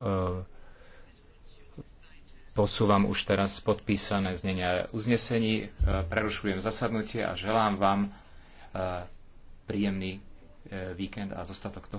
E, posúvam už teraz podpísané znenia uznesení, e, prerušujem zasadnutie a želám vám e, príjemný víkend a zostatok toho.